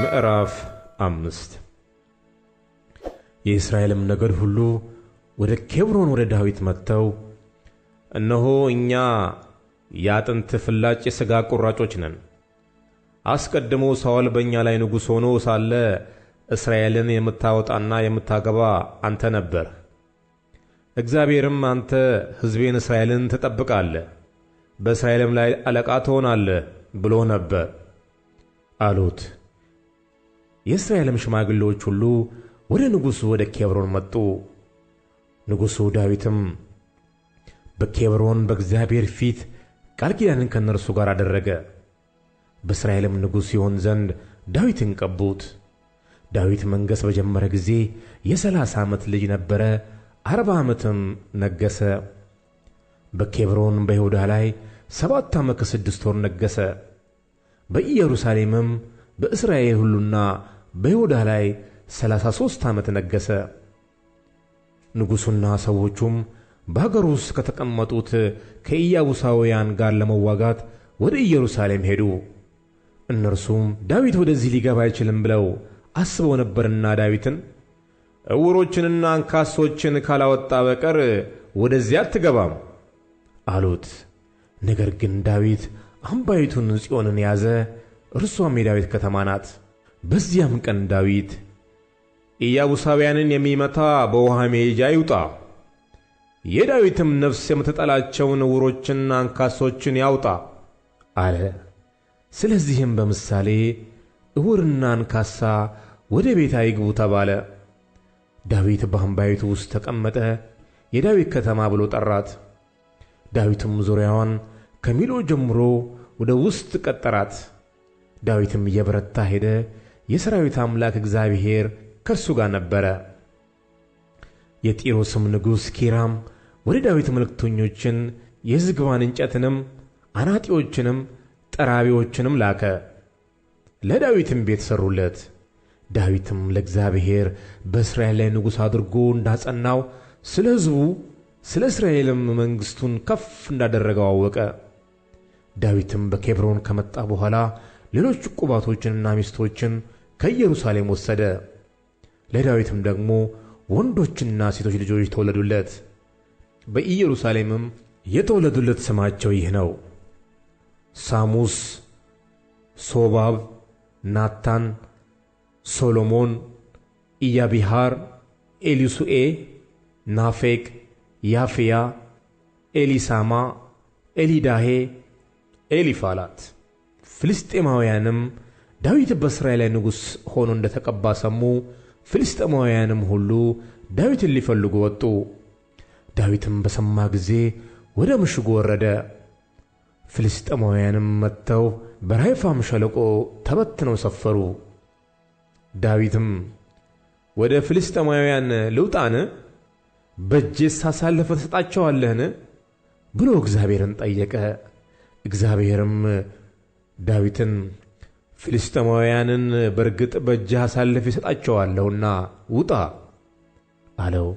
ምዕራፍ አምስት የእስራኤልም ነገድ ሁሉ ወደ ኬብሮን ወደ ዳዊት መጥተው እነሆ እኛ የአጥንት ፍላጭ የሥጋ ቁራጮች ነን፤ አስቀድሞ ሳኦል በእኛ ላይ ንጉሥ ሆኖ ሳለ እስራኤልን የምታወጣና የምታገባ አንተ ነበር። እግዚአብሔርም አንተ ሕዝቤን እስራኤልን ትጠብቃለህ፣ በእስራኤልም ላይ አለቃ ትሆናለህ ብሎ ነበር አሉት። የእስራኤልም ሽማግሌዎች ሁሉ ወደ ንጉሡ ወደ ኬብሮን መጡ። ንጉሡ ዳዊትም በኬብሮን በእግዚአብሔር ፊት ቃል ኪዳንን ከእነርሱ ጋር አደረገ። በእስራኤልም ንጉሥ ይሆን ዘንድ ዳዊትን ቀቡት። ዳዊት መንገሥ በጀመረ ጊዜ የሰላሳ ዓመት ልጅ ነበረ። አርባ ዓመትም ነገሰ። በኬብሮን በይሁዳ ላይ ሰባት ዓመት ከስድስት ወር ነገሰ በኢየሩሳሌምም በእስራኤል ሁሉና በይሁዳ ላይ ሠላሳ ሦስት ዓመት ነገሠ። ንጉሡና ሰዎቹም በአገሩ ውስጥ ከተቀመጡት ከኢያቡሳውያን ጋር ለመዋጋት ወደ ኢየሩሳሌም ሄዱ። እነርሱም ዳዊት ወደዚህ ሊገባ አይችልም ብለው አስበው ነበርና ዳዊትን ዕውሮችንና አንካሶችን ካላወጣ በቀር ወደዚያ አትገባም አሉት። ነገር ግን ዳዊት አምባይቱን ጽዮንን ያዘ፣ እርሷም የዳዊት ከተማ ናት። በዚያም ቀን ዳዊት ኢያቡሳውያንን የሚመታ በውሃ መሄጃ ይውጣ፣ የዳዊትም ነፍስ የምትጠላቸውን ዕውሮችን አንካሶችን ያውጣ አለ። ስለዚህም በምሳሌ ዕውርና አንካሳ ወደ ቤት አይግቡ ተባለ። ዳዊት በአምባይቱ ውስጥ ተቀመጠ፣ የዳዊት ከተማ ብሎ ጠራት። ዳዊትም ዙሪያዋን ከሚሎ ጀምሮ ወደ ውስጥ ቀጠራት። ዳዊትም እየበረታ ሄደ፣ የሠራዊት አምላክ እግዚአብሔር ከእርሱ ጋር ነበረ። የጢሮስም ንጉሥ ኪራም ወደ ዳዊት መልእክተኞችን የዝግባን እንጨትንም አናጢዎችንም ጠራቢዎችንም ላከ። ለዳዊትም ቤት ሠሩለት። ዳዊትም ለእግዚአብሔር በእስራኤል ላይ ንጉሥ አድርጎ እንዳጸናው ስለ ሕዝቡ ስለ እስራኤልም መንግሥቱን ከፍ እንዳደረገው አወቀ። ዳዊትም በኬብሮን ከመጣ በኋላ ሌሎች ቁባቶችንና ሚስቶችን ከኢየሩሳሌም ወሰደ። ለዳዊትም ደግሞ ወንዶችና ሴቶች ልጆች ተወለዱለት። በኢየሩሳሌምም የተወለዱለት ስማቸው ይህ ነው፦ ሳሙስ፣ ሶባብ፣ ናታን፣ ሶሎሞን፣ ኢያቢሃር፣ ኤሊሱኤ፣ ናፌቅ፣ ያፍያ፣ ኤሊሳማ፣ ኤሊዳሄ፣ ኤሊፋላት። ፍልስጤማውያንም ዳዊት በእስራኤል ላይ ንጉሥ ሆኖ እንደተቀባ ሰሙ። ፍልስጤማውያንም ሁሉ ዳዊትን ሊፈልጉ ወጡ። ዳዊትም በሰማ ጊዜ ወደ ምሽጉ ወረደ። ፍልስጤማውያንም መጥተው በራይፋም ሸለቆ ተበትነው ሰፈሩ። ዳዊትም ወደ ፍልስጤማውያን ልውጣን? በእጄስ አሳልፈ ትሰጣቸዋለህን? ብሎ እግዚአብሔርን ጠየቀ። እግዚአብሔርም ዳዊትን ፊልስጤማውያንን በእርግጥ በእጅህ አሳልፌ እሰጣቸዋለሁና ውጣ አለው።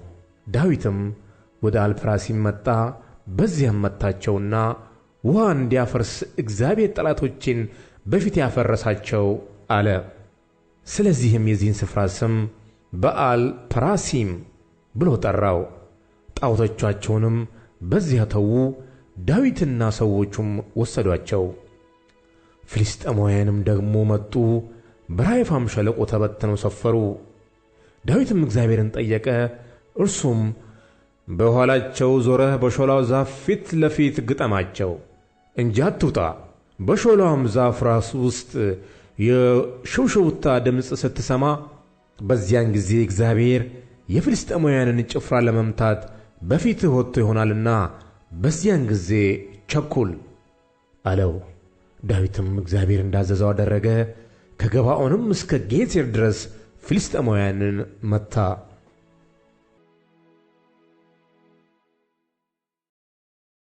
ዳዊትም ወደ አልፕራሲም መጣ። በዚያም መታቸውና ውሃ እንዲያፈርስ እግዚአብሔር ጠላቶቼን በፊት ያፈረሳቸው አለ። ስለዚህም የዚህን ስፍራ ስም በአል ፐራሲም ብሎ ጠራው። ጣዖቶቻቸውንም በዚያ ተዉ። ዳዊትና ሰዎቹም ወሰዷቸው። ፍልስጥኤማውያንም ደግሞ መጡ፣ በራይፋም ሸለቆ ተበትነው ሰፈሩ። ዳዊትም እግዚአብሔርን ጠየቀ። እርሱም በኋላቸው ዞረህ በሾላው ዛፍ ፊት ለፊት ግጠማቸው እንጂ አትውጣ፣ በሾላውም ዛፍ ራስ ውስጥ የሽውሽውታ ድምፅ ስትሰማ በዚያን ጊዜ እግዚአብሔር የፍልስጥኤማውያንን ጭፍራ ለመምታት በፊትህ ወጥቶ ይሆናልና በዚያን ጊዜ ቸኩል አለው። ዳዊትም እግዚአብሔር እንዳዘዘው አደረገ። ከገባኦንም እስከ ጌቴር ድረስ ፍልስጥኤማውያንን መታ።